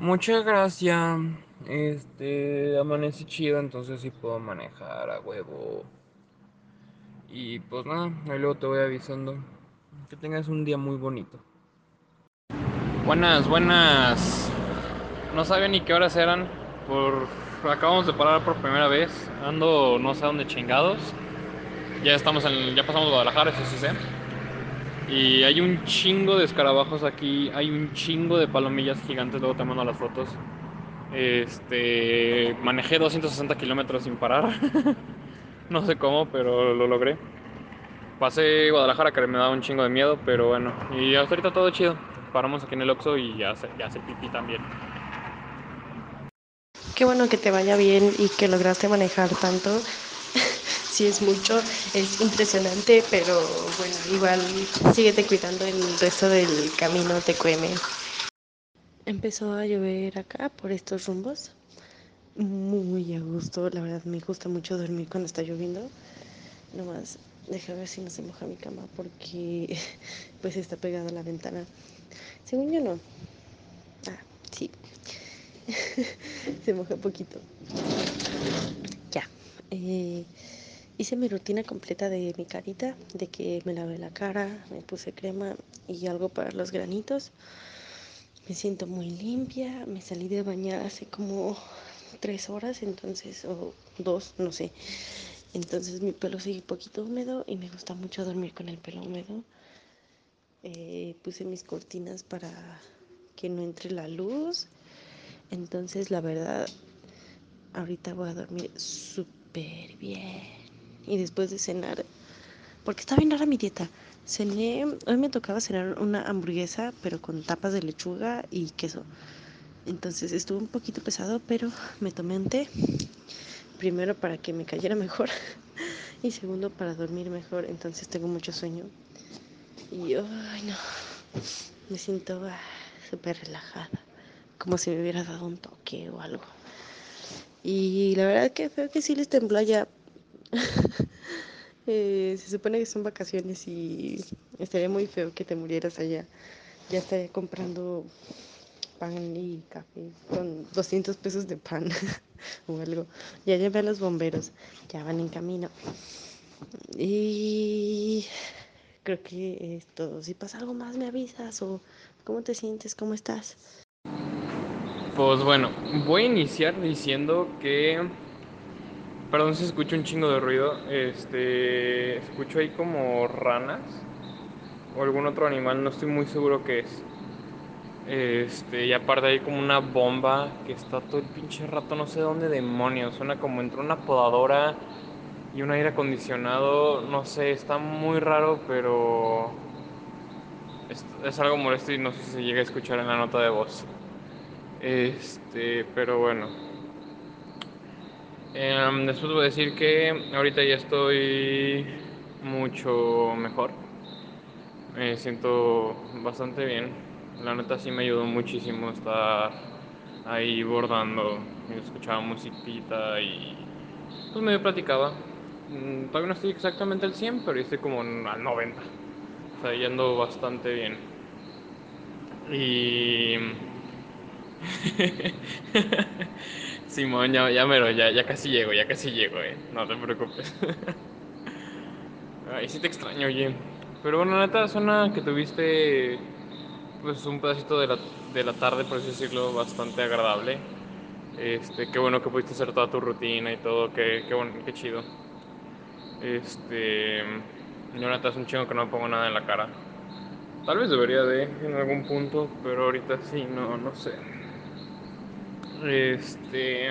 Muchas gracias. Este, amanece chido, entonces sí puedo manejar a huevo. Y pues nada, ahí luego te voy avisando. Que tengas un día muy bonito. Buenas, buenas. No sabía ni qué horas eran. Por acabamos de parar por primera vez. Ando no sé dónde chingados. Ya estamos en ya pasamos Guadalajara, eso sí sé. Y hay un chingo de escarabajos aquí, hay un chingo de palomillas gigantes, luego te mando las fotos. Este, manejé 260 kilómetros sin parar. no sé cómo, pero lo logré. Pasé Guadalajara que me daba un chingo de miedo, pero bueno. Y hasta ahorita todo chido. Paramos aquí en el Oxxo y ya hace ya pipí también. Qué bueno que te vaya bien y que lograste manejar tanto es mucho, es impresionante, pero bueno, igual síguete cuidando el resto del camino TQM. Empezó a llover acá por estos rumbos, muy a gusto, la verdad me gusta mucho dormir cuando está lloviendo, nomás deja ver si no se moja mi cama porque pues está pegada a la ventana. Según yo no. Ah, sí. se moja poquito. Ya. Eh, Hice mi rutina completa de mi carita, de que me lavé la cara, me puse crema y algo para los granitos. Me siento muy limpia, me salí de bañar hace como tres horas, entonces, o dos, no sé. Entonces mi pelo sigue un poquito húmedo y me gusta mucho dormir con el pelo húmedo. Eh, puse mis cortinas para que no entre la luz. Entonces, la verdad, ahorita voy a dormir súper bien y después de cenar, porque está bien rara mi dieta. Cené, hoy me tocaba cenar una hamburguesa, pero con tapas de lechuga y queso. Entonces estuvo un poquito pesado, pero me tomé un té. Primero para que me cayera mejor y segundo para dormir mejor. Entonces tengo mucho sueño. Y ay no, me siento ah, súper relajada, como si me hubiera dado un toque o algo. Y la verdad que Creo que sí les tembló allá, Eh, se supone que son vacaciones y estaría muy feo que te murieras allá. Ya estaría comprando pan y café con 200 pesos de pan o algo. Ya llevé a los bomberos, ya van en camino. Y creo que todo. si pasa algo más me avisas o cómo te sientes, cómo estás. Pues bueno, voy a iniciar diciendo que Perdón si escucho un chingo de ruido. Este, escucho ahí como ranas o algún otro animal, no estoy muy seguro qué es. Este, y aparte hay como una bomba que está todo el pinche rato, no sé dónde demonios. Suena como entre una podadora y un aire acondicionado. No sé, está muy raro, pero es, algo molesto y no sé si se llega a escuchar en la nota de voz. Este, pero bueno. Em, después voy a decir que ahorita ya estoy mucho mejor. Me siento bastante bien. La neta sí me ayudó muchísimo estar ahí bordando. Escuchaba musiquita y pues medio platicaba. Mm, todavía no estoy exactamente al 100, pero estoy como al 90. O sea, yendo bastante bien. Y... Simón, ya, mero, ya, ya casi llego, ya casi llego, eh. No te preocupes. Ay, sí te extraño, oye. Pero bueno, la neta suena que tuviste pues un pedacito de la, tarde, por así decirlo, bastante agradable. Este, qué bueno que pudiste hacer toda tu rutina y todo, qué, bueno, qué chido. Este, No, neta es un chingo que no me pongo nada en la cara. Tal vez debería de en algún punto, pero ahorita sí, no, no sé. Este.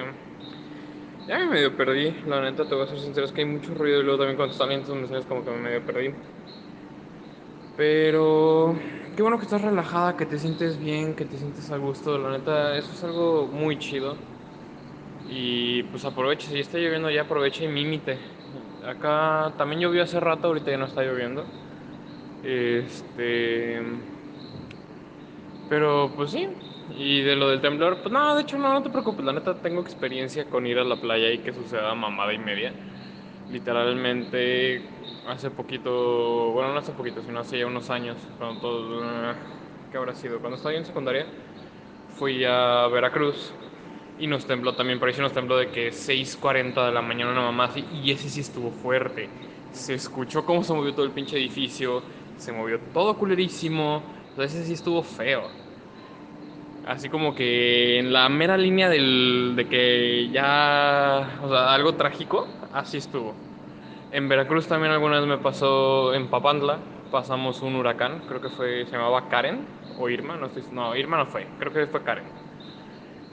Ya me medio perdí, la neta, te voy a ser sincero, es que hay mucho ruido y luego también cuando están me mensajes como que me medio perdí. Pero qué bueno que estás relajada, que te sientes bien, que te sientes a gusto, la neta, eso es algo muy chido. Y pues aprovecha, si está lloviendo ya aprovecha y mímite. Acá también llovió hace rato, ahorita ya no está lloviendo. Este pero pues sí. Y de lo del temblor, pues no, de hecho no, no te preocupes. La neta tengo experiencia con ir a la playa y que suceda mamada y media. Literalmente hace poquito, bueno, no hace poquito, sino hace ya unos años, cuando todo, ¿qué habrá sido? Cuando estaba yo en secundaria, fui a Veracruz y nos tembló también, por eso nos tembló de que 6.40 de la mañana una mamá y ese sí estuvo fuerte. Se escuchó cómo se movió todo el pinche edificio, se movió todo culerísimo ese sí estuvo feo. Así como que en la mera línea del, de que ya, o sea, algo trágico, así estuvo. En Veracruz también alguna vez me pasó, en Papantla pasamos un huracán, creo que fue, se llamaba Karen o Irma, no estoy, no, Irma no fue, creo que fue Karen.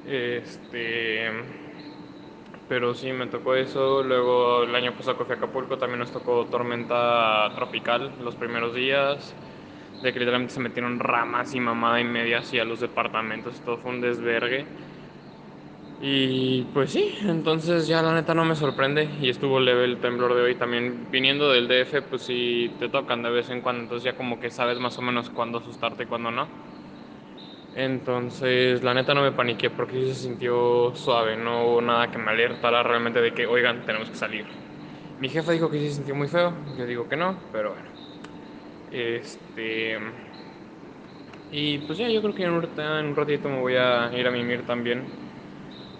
Este, pero sí, me tocó eso. Luego el año pasado que fui Acapulco también nos tocó tormenta tropical los primeros días de que literalmente se metieron ramas y mamada y media hacia los departamentos, todo fue un desvergue. Y pues sí, entonces ya la neta no me sorprende y estuvo leve el temblor de hoy también. Viniendo del DF, pues sí te tocan de vez en cuando, entonces ya como que sabes más o menos cuándo asustarte y cuándo no. Entonces la neta no me paniqué porque sí se sintió suave, no hubo nada que me alertara realmente de que, oigan, tenemos que salir. Mi jefe dijo que sí se sintió muy feo, yo digo que no, pero bueno. Este. Y pues ya, yo creo que en un, ratito me voy a ir a mimir también.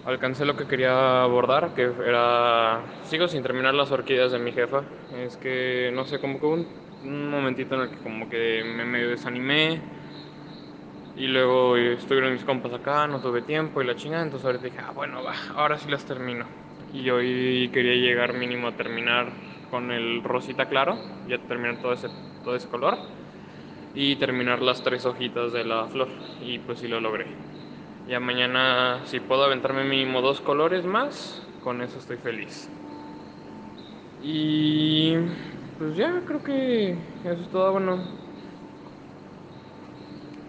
Alcancé lo que quería abordar, que era. Sigo sin terminar las orquídeas de mi jefa. Es que, no sé, como que hubo un, momentito en el que como que me medio desanimé. Y luego estuvieron mis compas acá, no tuve tiempo y la chingada, entonces ahora dije, ah, bueno, va, ahora sí las termino. Y hoy quería llegar mínimo a terminar con el rosita claro, ya terminar todo ese ese color y terminar las tres hojitas de la flor. Y pues si lo logré. Ya mañana, si puedo aventarme mínimo dos colores más, con eso estoy feliz. Y pues ya, creo que eso es todo. Bueno,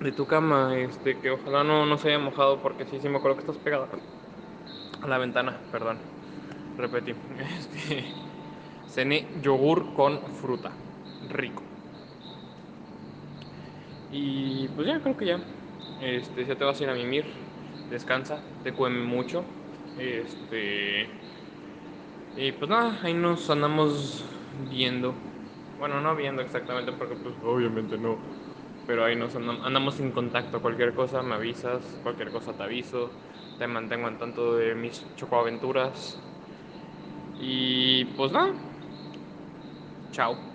de tu cama, este, que ojalá no, no se haya mojado, porque si sí me acuerdo que estás pegada a la ventana, perdón. Repetí. Este, cené yogur con fruta. Rico. Y pues ya, creo que ya. Este, ya te vas a ir a mimir. Descansa, te cueme mucho. Este. Y pues nada, ahí nos andamos viendo. Bueno, no viendo exactamente porque pues obviamente no. Pero ahí nos andamos en contacto. Cualquier cosa me avisas, cualquier cosa te aviso. Te mantengo en tanto de mis chocoaventuras. Y pues nada. Chao.